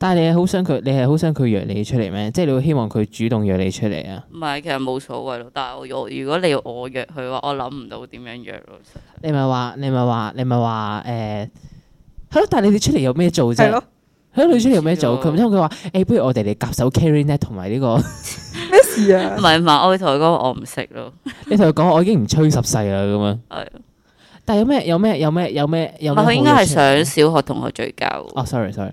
但係你係好想佢，你係好想佢約你出嚟咩？即係你會希望佢主動約你出嚟啊？唔係，其實冇所謂咯。但係我如果你要我約佢話，我諗唔到點樣約咯。你咪話，你咪話、欸了，你咪話，誒，係咯。但係你哋出嚟有咩做啫？係咯。你出嚟有咩做？佢唔通佢話，誒、欸，不如我哋嚟夾手 carry 咧，同埋呢個咩事啊？唔係唔係，我同佢講，我唔識咯。 你同佢講，我已經唔吹十世啦，咁樣。係了。但係有咩？有咩？有咩？有咩？有咩？佢應該係想小學同學聚舊。哦、oh，sorry，sorry sorry。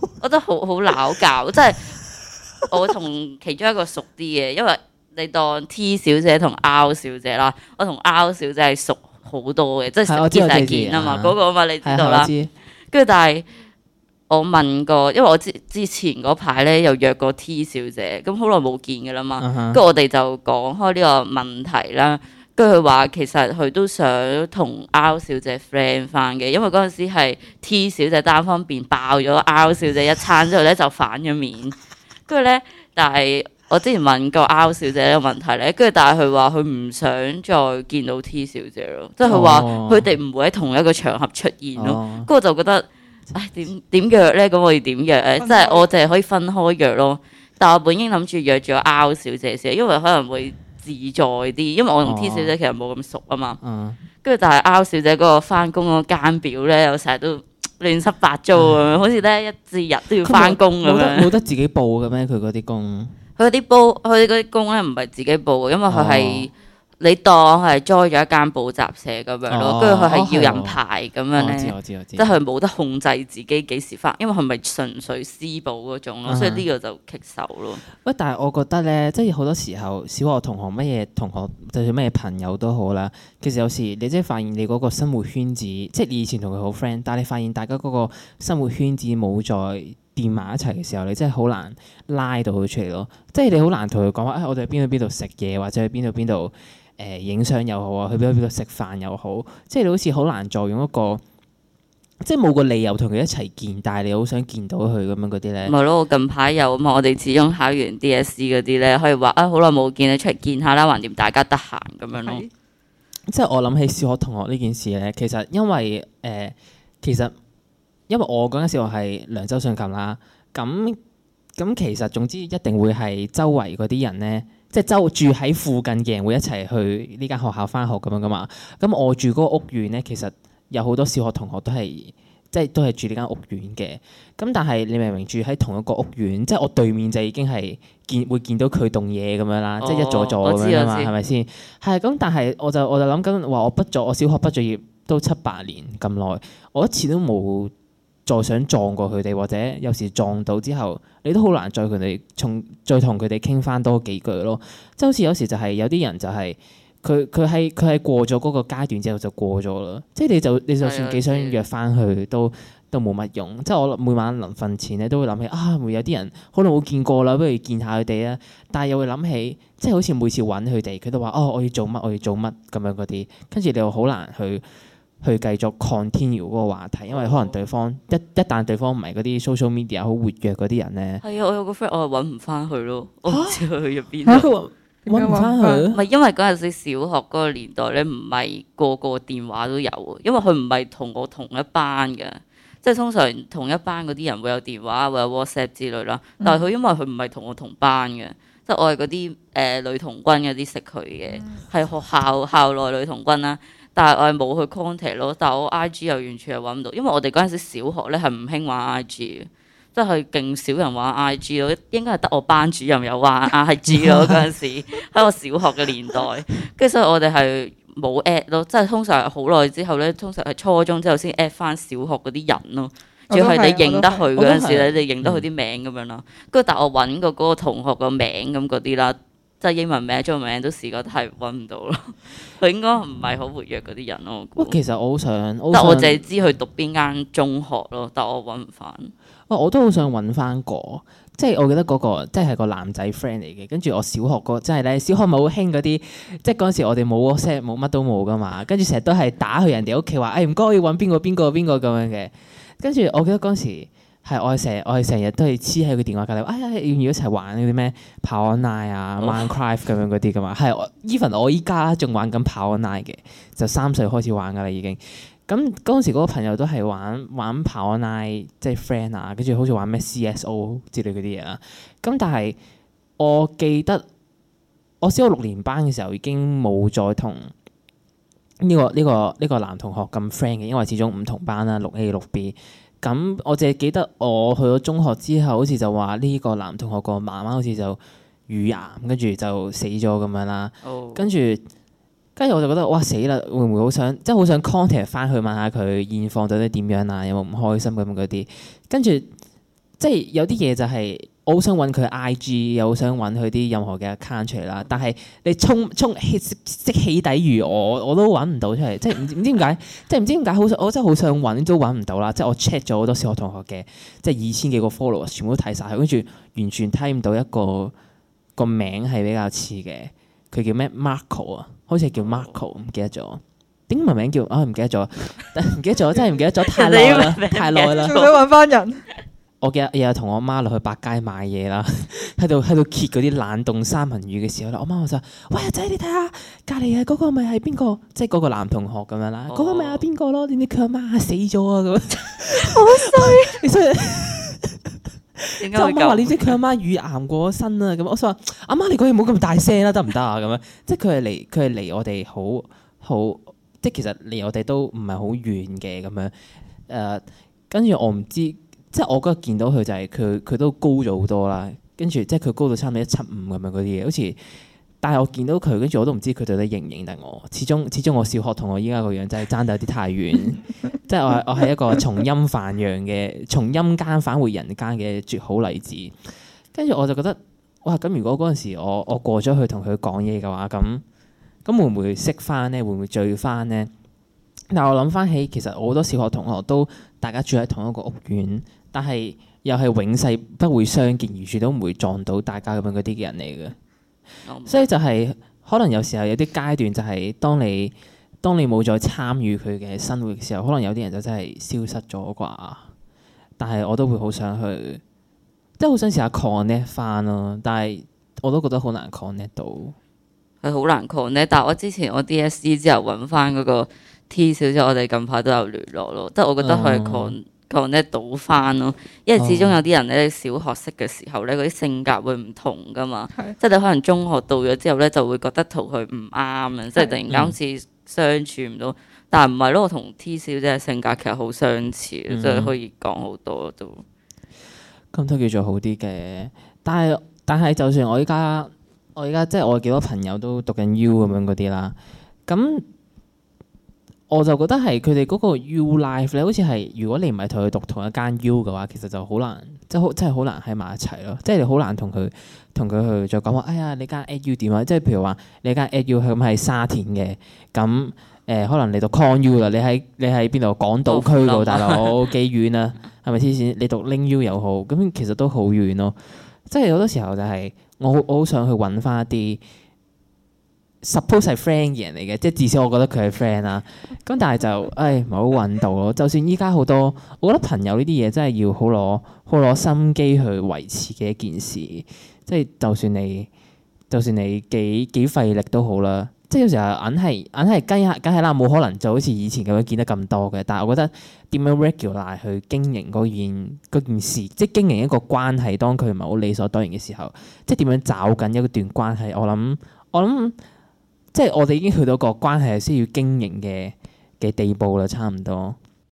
我覺得好好鬧交，即係我同其中一個熟啲嘅，因為你當 T 小姐同 R 小姐啦，我同 R 小姐係熟好多嘅，即係熟幾大件啊嘛，嗰個啊嘛，你知道啦。跟住但係我問過，因為我之之前嗰排咧又約過 T 小姐，咁好耐冇見嘅啦嘛，跟住、uh huh. 我哋就講開呢個問題啦。跟住佢話，其實佢都想同 R 小姐 friend 翻嘅，因為嗰陣時係 T 小姐單方面爆咗 R 小姐一餐之後咧，就反咗面。跟住咧，但係我之前問過 R 小姐呢個問題咧，跟住但係佢話佢唔想再見到 T 小姐咯，即係佢話佢哋唔會喺同一個場合出現咯。嗰個、oh。就覺得，唉點點約咧？咁我哋點約？即係 我哋可以分開約咯。但係我本應諗住約咗 R 小姐先，因為可能會。自在啲，因為我同 T 小姐其實冇咁熟啊嘛，跟住、哦嗯、但係 R 小姐嗰個翻工嗰間表咧，又成日都亂七八糟咁樣，嗯、好似咧一至日都要翻工咁樣。冇得，得自己報嘅咩？佢嗰啲工，佢嗰啲報，佢嗰啲工咧唔係自己報，因為佢係。哦你當係租咗一間補習社咁樣咯，跟住佢係要人排咁樣咧，我知我知，即係冇得控制自己幾時返，因為係咪純粹私補嗰種咯，嗯、所以呢個就棘手咯。喂、嗯，但係我覺得咧，即係好多時候小學同學乜嘢同學就算乜嘢朋友都好啦，其實有時你真係發現你嗰個生活圈子，即係以前同佢好 friend，但係你發現大家嗰個生活圈子冇再掂埋一齊嘅時候，你真係好難拉到佢出嚟咯。即係你好難同佢講話，誒、哎、我哋去邊度邊度食嘢，或者去邊度邊度。誒，影相又好啊，去邊度邊度食飯又好，即係你好似好難再用一個即係冇個理由同佢一齊見，但係你好想見到佢咁樣嗰啲咧。咪咯，我近排有嘛？我哋始終考完 DSE 嗰啲咧，可以話啊，好耐冇見你出嚟見下啦，橫掂大家得閒咁樣咯。的即係我諗起小學同學呢件事咧，其實因為誒、呃，其實因為我嗰陣時我係梁州上琴啦，咁。咁其實總之一定會係周圍嗰啲人咧，即係周住喺附近嘅人會一齊去呢間學校返學咁樣㗎嘛。咁我住嗰個屋苑咧，其實有好多小學同學都係即係都係住呢間屋苑嘅。咁但係你明明住喺同一個屋苑，即係我對面就已經係見會見到佢棟嘢咁樣啦，即係、哦、一座座咁樣嘛，係咪先？係咁，但係我就我就諗緊話，我畢咗我小學畢咗業都七八年咁耐，我一次都冇。再想撞過佢哋，或者有時撞到之後，你都好難再同佢哋重再同佢哋傾翻多幾句咯。即係好似有時就係、是、有啲人就係佢佢係佢係過咗嗰個階段之後就過咗啦。即係你就你就算幾想約翻去都都冇乜用。即係我每晚臨瞓前咧都會諗起啊，會有啲人好耐冇見過啦，不如見下佢哋啊？但係又會諗起，即係好似每次搵佢哋，佢都話：哦，我要做乜，我要做乜咁樣嗰啲。跟住你又好難去。去繼續 continue 嗰個話題，因為可能對方一一旦對方唔係嗰啲 social media 好活躍嗰啲人咧，係啊，我有個 friend 我係揾唔翻佢咯，蛤我唔知佢去咗邊啦。揾唔翻佢，唔係因為嗰陣時小學嗰個年代咧，唔係個個電話都有，因為佢唔係同我同一班嘅，即係通常同一班嗰啲人會有電話或者 WhatsApp 之類啦。但係佢因為佢唔係同我同班嘅，即係我係嗰啲誒女童軍嗰啲識佢嘅，係、嗯、學校校內女童軍啦。但係我係冇去 contact 咯，但係我 I G 又完全係揾唔到，因為我哋嗰陣時小學咧係唔興玩 I G 嘅，即係勁少人玩 I G 咯，應該係得我班主任有玩 I G 咯嗰陣時，喺我小學嘅年代，跟住所以我哋係冇 at 咯，即係通常好耐之後咧，通常係初中之後先 at 翻小學嗰啲人咯，要係你認得佢嗰陣時咧，你認得佢啲名咁樣咯，跟住、嗯、但我揾過嗰個同學個名咁嗰啲啦。即係英文名、中文名都試過都係揾唔到咯，佢 應該唔係好活躍嗰啲人咯。我其實我好想但我，但我淨係知佢讀邊間中學咯，但我揾唔翻。哇！我都好想揾翻個，即係我記得嗰、嗰個，即係係個男仔 friend 嚟嘅，跟住我小學、嗰個，即係咧小學咪好興嗰啲，即係嗰陣時我哋冇 WhatsApp，冇乜都冇噶嘛，跟住成日都係打去人哋屋企話，誒唔該要揾邊個邊個邊個咁樣嘅，跟住我記得嗰時。係我係成日，我係成日都係黐喺佢電話隔離，哎呀，要唔要一齊玩嗰啲咩跑 online 啊、Minecraft 咁樣嗰啲噶嘛？係 even 我依家仲玩緊跑 online 嘅，就三歲開始玩噶啦已經。咁嗰陣時嗰個朋友都係玩玩跑 online 即係 friend 啊，跟住好似玩咩 CSO 之類嗰啲嘢啦。咁但係我記得我小學六年班嘅時候已經冇再同呢個呢個呢個男同學咁 friend 嘅，因為始終唔同班啦，六 A 六 B。咁我淨係記得我去咗中學之後，好似就話呢個男同學個媽媽好似就乳癌，跟住就死咗咁樣啦。Oh. 跟住，跟住我就覺得哇死啦！會唔會好想即係好想 contact 翻去問下佢現況到底點樣啊？有冇唔開心咁嗰啲？跟住即係有啲嘢就係、係。我好想揾佢 IG，又好想揾佢啲任何嘅 account 出嚟啦。但係你充充即即起底如我，我都揾唔到出嚟。即唔唔知點解，即唔知點解好想我真係好想揾都揾唔到啦。即我 check 咗好多小學同學嘅，即二千幾個 followers 全部都睇晒，跟住完全睇唔到一個個名係比較似嘅。佢叫咩 Marco 啊？好似係叫 Marco，唔記得咗。英文名叫啊，唔記得咗，但唔記得咗，真係唔記得咗，太耐啦，太耐啦。想揾翻人？我日，日日同我阿媽落去百佳買嘢啦，喺度喺度揭嗰啲冷凍三文魚嘅時候咧，我媽我就 喂仔，你睇下隔離啊嗰個咪係邊個？即係嗰個男同學咁樣啦，嗰個咪係邊個咯？點知佢阿媽死咗啊！咁好衰。其實即係我話你知佢阿媽乳癌過咗身啊。咁我想話阿媽，你講嘢冇咁大聲啦，得唔得啊？咁樣即係佢係離佢係離我哋好好，好，即係其實離我哋都唔係好遠嘅咁樣。誒、呃，跟住我唔知。即係我嗰日見到佢就係佢佢，都高咗好多啦，跟住即係佢高到差唔多一七五咁樣嗰啲嘢，好似，但係我見到佢，跟住我都唔知佢到底認唔認得我，始終始終我小學同學點點 我依家個樣真係爭得有啲太遠，即係我我係一個從陰返陽嘅，從陰間返回人間嘅絕好例子，跟住我就覺得，哇，咁如果嗰陣時我我過咗去同佢講嘢嘅話，咁咁會唔會識翻咧？會唔會聚翻咧？但係我諗翻起，其實好多小學同學都大家住喺同一個屋苑。但係又係永世不會相見而，完全都唔會撞到大家咁樣嗰啲嘅人嚟嘅，嗯、所以就係、是、可能有時候有啲階段就係當你當你冇再參與佢嘅生活嘅時候，可能有啲人就真係消失咗啩。但係我都會好想去，即係好想試下 connect 翻咯。但係我都覺得好難 connect 到，係好難 connect。但係我之前我 D S E 之後揾翻嗰個 T 小，小姐，我哋近排都有聯絡咯。即係我覺得佢。係 c o n 講咧倒翻咯，因為始終有啲人咧小學識嘅時候咧，嗰啲、哦、性格會唔同噶嘛，是的 即你可能中學到咗之後咧就會覺得同佢唔啱啊，是的 即係突然間好似相處唔到，嗯、但係唔係咯？我同 T 小姐嘅性格其實好相似，即係可以講、嗯嗯、好多都，咁都叫做好啲嘅。但係但係就算我依家我依家即係我幾多朋友都讀緊 U 咁樣嗰啲啦，咁。我就覺得係佢哋嗰個 U life 咧，好似係如果你唔係同佢讀同一間 U 嘅話，其實就好難，即係好即係好難喺埋一齊咯。即係你好難同佢同佢去再講話。哎呀，你間 A t U 點啊？即係譬如話你間 A t U 係喺沙田嘅？咁誒、呃，可能你讀 Con U 啦。你喺你喺邊度？港島區度大佬幾遠啊？係咪黐線？你讀 Ling U 又好，咁其實都好遠咯。即係好多時候就係、是、我好我好想去揾翻一啲。suppose 係 friend 嘅人嚟嘅，即係至少我覺得佢係 friend 啦。咁但係就，誒唔係好搵到咯。就算依家好多，我覺得朋友呢啲嘢真係要好攞好攞心機去維持嘅一件事。即係就算你就算你幾幾費力都好啦。即係有時候硬係硬係跟梗係啦，冇可能就好似以前咁樣見得咁多嘅。但係我覺得點樣 regular 去經營嗰件嗰件事，即係經營一個關係。當佢唔係好理所當然嘅時候，即係點樣找緊一段關係？我諗我諗。即係我哋已經去到個關係係需要經營嘅嘅地步啦，差唔多。